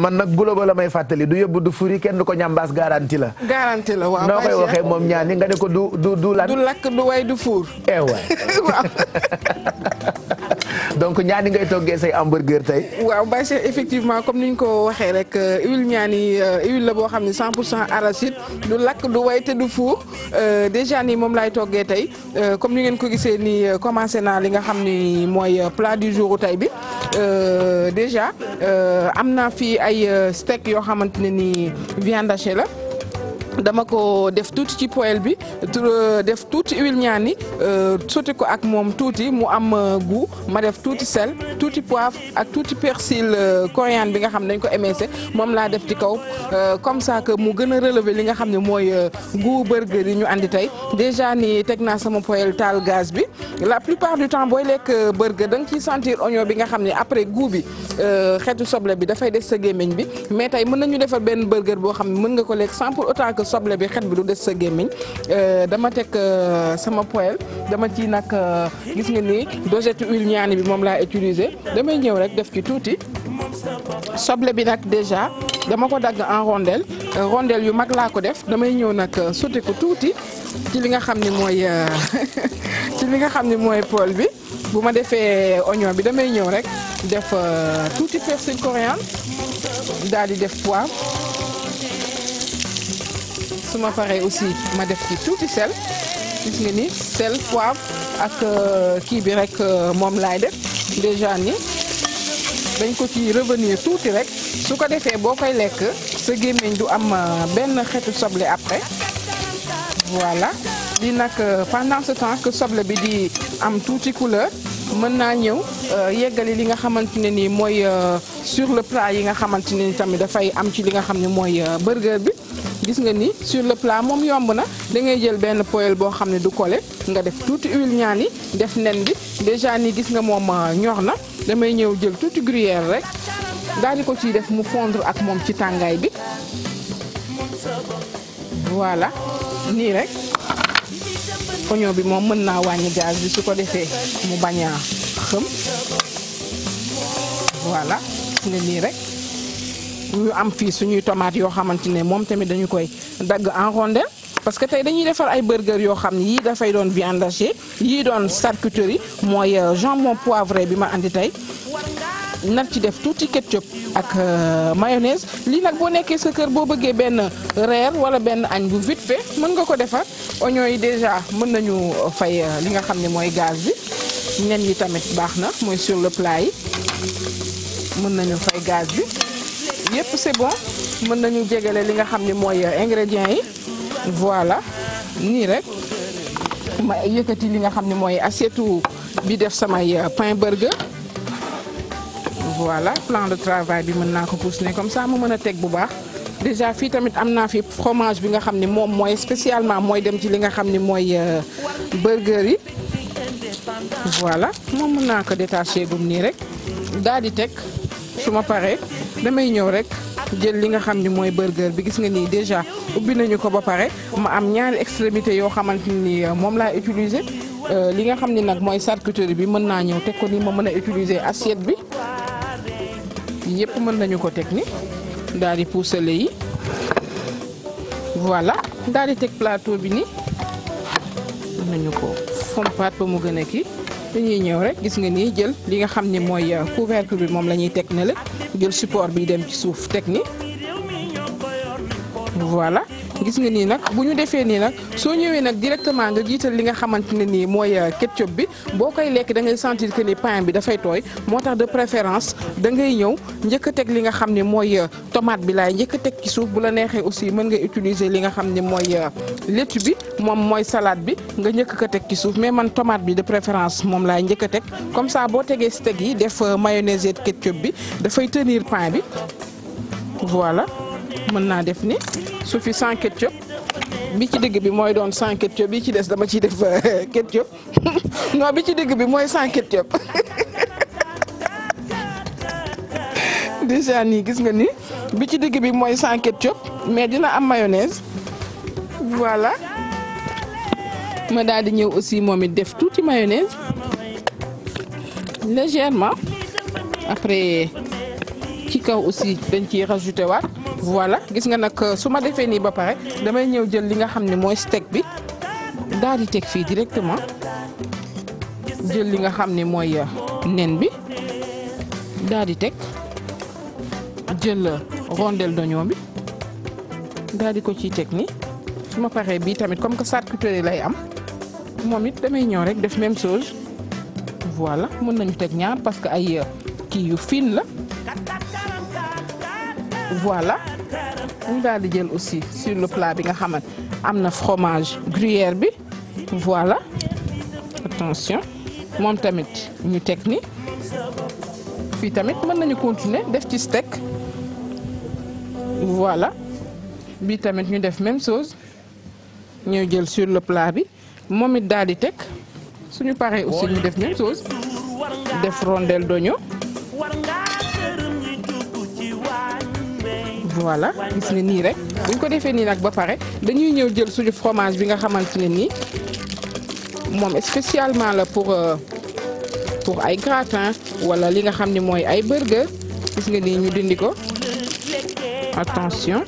man nag guloba la may fàttali du yóbbu du furi kenn du ko ñambaas garanti la. garanti la waaw noo koy waxee moom ñaani nga ne ko du du du lakk du way du fuur. eh waaw. donc ñaani ngay toogee say hamburger tey. waaw Baye effectivement comme ni ñu ko waxee rek euh, huile ñaani euh, huile la boo xam ne 100 pour cent arachide du lakk du way te du fuur euh, dèjà nii moom laay toggee tey comme ni ngeen ko gisee ni commencé naa li nga xam ni mooy plat du jour tey bi dèjà am naa fi ay steak yoo xamante ne ni viande hachée la. dama ko def tuuti ci poêle bi euh, def tuuti huile ñaani euh, sotti ko ak moom tuuti mu am euh, gu ma def tuuti sel tuuti poivre ak tuuti persil coriandre bi nga xam dañ ko émincé moom laa def ci kaw comme ça que mu gën a relever li nga xam ne mooy goût burger yi ñu andi tey déjà ni teg naa sama poêle taal gaz bi la plupart du temps booy lekk burger da nga ciy sentir oignon bi nga xam ne après goût bi xeetu soble bi dafay des sa gémmiñ bi mais tey mën nañu defa benn burger boo xam ne mën nga ko lekk sans pour soble bi xet bi du des sa gémmiñ euh, dama teg euh, sama poêle dama ci nag euh, gis nga ni dosette huile ñaani bi moom laa utiliser damay ñëw rek def ci tuuti soble bi nag déjà dama ko dagg en rondelle yu mag laa ko def damay ñëw nag sotti ko tuuti ci li nga xam ni mooy ci li nga xam ni mooy poêle bi bu ma defee oignon bi damay ñëw rek def tuuti persil coréen daal di def poivre su ma paree aussi ma def ci tuuti sel gis nga ni sel poivre ak euh, kii bi rek euh, moom laay def déjà ni dañ ko ci revenir tuuti rek su ko defee boo koy lekk sa gémmiñ du am euh, benn xeetu soble après voilà li nag pendant ce temps soble bi di am tuuti couleur mën naa ñëw yeggali li nga xamante ne ni mooy sur le plat yi nga xamante ni tamit dafay am ci li nga xam ne mooy bërgër bi gis nga ni sur le plat moom yomb na da ngay jël benn poêle boo xam ne du collé nga def tuuti huile ni def nen bi déjà nii gis nga moom euh, ñor na damay ñëw jël tuuti gruyère rek daal di ko ciy def mu fondre ak moom ci tàngaay bi voilà nii rek oignon bi moom mën naa wàññi gaz bi su ko defee mu bañ a xëm voilà nii rek. ñu am fii suñuy tomate yoo xamante ne moom tamit dañu koy dagg en rondelle parce que tey dañuy defar ay burger yoo xam ne yii dafay doon viande hachée yii doon charcuterie mooy euh, jambon poivré bi ma andi tey nar ci def tuuti ketchup ak euh, mayonnaise lii nag boo nekkee sa kër boo bëggee benn reer wala benn añ bu vite fait mën nga ko defar oignon yi déjà mën nañu euh, fay li nga xam ne mooy gaz bi nen yi tamit baax na mooy sur le plat yi mën nañu fay gaz bi yëpp c'est bon mën nañu jegale li nga xam ne mooy ingrédients yi voilà nii rek ma yëkkati li nga xam ne mooy assiette bi def samay euh, pain burger voilà plan de travail bi mën naa ko pousser comme ça mu mën a teg bu baax déjà fii tamit am naa fi fromage bi nga xam ne moom mooy spécialement mooy dem ci li nga xam ni mooy euh, burger yi voilà moom mën naa ko détaché gum nii rek daal di teg. su ma paree damay ñëw rek jël li nga xam ni mooy burger bi gis nga nii déjà ubbi nañu ko ba pare ma am ñaari extrémité yoo xamante nii euh, moom laa utiliser euh, li nga xam ni nag mooy charcuterie bi mën naa ñëw teg ko nii ma mën a utiliser assiette bi yëpp mën nañu ko teg ni daal di puusale yi voilà daal di teg plateau bi nii mën nañu ko fompaat ba mu gën kii dañuy ñëw rek gis nga nii jël li nga xam ne mooy euh, couvercle bi moom la ñuy teg na la jël support bi dem ci suuf teg ni voilà gis nga nii nag bu ñu defee nii nag soo ñëwee nag directement nga jiital li nga xamante ne nii mooy euh, ketchup bi boo koy lekk da ngay sentir que ni pain bi dafay tooy moo tax de préférence da ngay ñëw njëkk teg li nga xam ne mooy euh, tomate bi laay njëkk a teg ci suuf bu la neexee aussi mën nga utiliser li nga xam ne mooy euh, laitue bi moom mooy salade bi nga njëkk ko teg ci suuf mais man tomate bi de préférence moom laay njëkk teg comme ça boo tegee steak yi def mayonnaise ketchup bi dafay tenir pain bi voilà mën naa def ni su fi sans ketchup bi ci digg bi mooy doon sans ketchup bi ci des dama ciy def euh, ketchup non bi ci digg bi mooy sans ketchup déjà gis nga ni bi ci digg bi mooy sans ketchup mais dina am mayonnaise voilà ma daal di ñëw aussi moom it def tuuti mayonnaise légèrement après ci kaw aussi dañ ciy rajouté waat voilà gis nga nag su ma defee nii ba pare damay ñëw jël li nga xam ne mooy steak bi daal di teg fii directement jël li nga xam ne mooy euh, nen bi daal di teg jël euh, rondelle d'oignon bi daal di ko ci teg nii su ma paree bii tamit comme que charcuterie lay am moom it damay ñëw rek def même chose voilà mën nañu teg ñaar parce que ay euh, kii yu fin la voilà ñu daal di jël aussi sur le plat bi nga xamante am na fromage gruyère bi voilà attention moom tamit ñu teg ni fii tamit mën nañu continuer def ci steak voilà bi tamit ñu def même chose ñoo jël sur le plat bi moom it daldi di teg suñu paree aussi ñu def même chose def rondelle d'oignon voilà gis nga nii rek buñ ko defee nii nag ba pare dañuy ñëw jël suñu fromage bi nga xamante ne nii moom spécialement la pour euh, pour ay gratin wala li nga xam ne mooy ay burger gis nga nii ñu dindi ko attention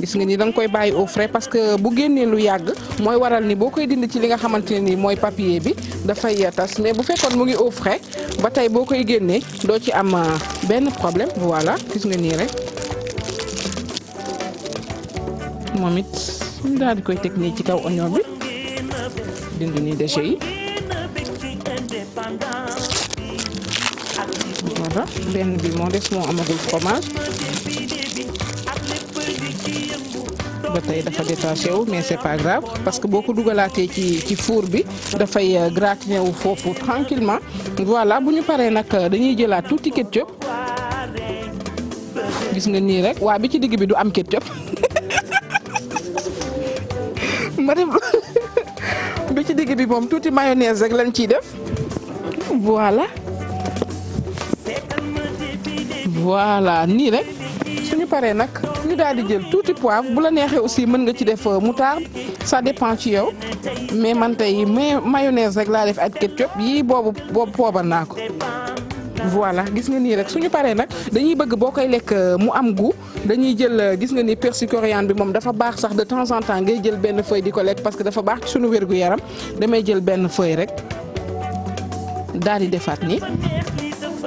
gis nga nii danga koy bàyyi au frais parce que bu génnee lu yàgg mooy waral ni boo koy dindi ci li nga xamante ne nii mooy papier bi dafay tas mais bu fekkoon mu ngi au frais ba tey boo koy génnee doo ci am euh, benn problème voilà gis nga nii rek. moom it ñu daal di koy teg nii ci kaw oignon bi nii déchets benn bi moo des moo amagul fromage ba tey dafa détaché wu mais c'est pas grave parce que boo ko dugalaatee ci ci four bi dafay euh, gratiné wu foofu tranquillement voilà bu ñu paree nag euh, dañuy jëlaat tuuti ketchup gis na nii rek waa bi ci digg bi du am ketchup ma def bi ci digg bi moom tuuti mayonnaise rek lañ ciy def voilà voilà nii rek suñu paree nag ñu daal di jël tuuti poivre bu la neexee aussi mën nga ci def euh, moutarde ça dépend ci yow mais man tey mayonnaise rek laa def ak ketchup yii boobu boobu poobal naa ko voilà gis nga nii rek suñu paree nag dañuy bëgg boo koy lekk euh, mu am gu dañuy jël euh, gis nga ni persil coriandre bi moom dafa baax sax de temps en temps ngay jël benn feuille di ko lekk parce que dafa baax ci suñu wérgu yaram damay jël benn feuille rek daal di defaat nii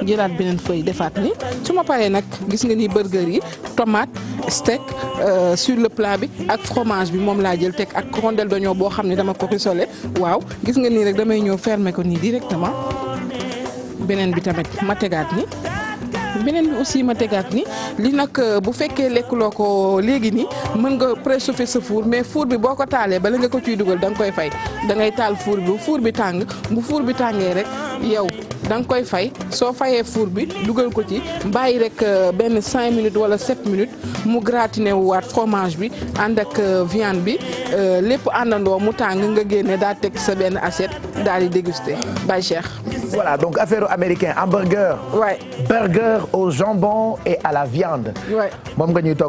jëlaat beneen feuille defaat ni su ma paree nag gis nga nii burger yi tomate steak euh, sur le plat bi ak fromage bi moom laa jël teg ak rondelle d'oignon boo xam ne dama ko rissolé waaw gis nga nii rek damay ñëw fermer ko nii directement. beneen bi tamit ma tegaat ni beneen bi aussi ma tegaat ni li nag euh, bu fekkee lekkuloo ko léegi ni mën nga préchauffer sa four mais four bi boo ko taalee bala nga ko ciy dugal danga koy fay dangay taal four bi bu four bi tàng bu fuur bi tàngee rek yow da nga koy fay soo fayee fuur bi dugal ko ci bàyyi rek euh, benn 5 minutes wala 7 minutes mu gratiné wu waat fromage bi ànd ak euh, viande bi lépp àndandoo mu tàng nga génne daa teg sa benn assiette daal di dégusté Baye voilà donc affaire américain hamburger. Ouais. burger au jambon et à la viande. moom nga ñuy togg